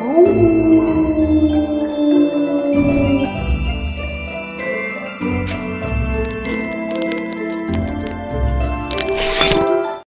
Oh.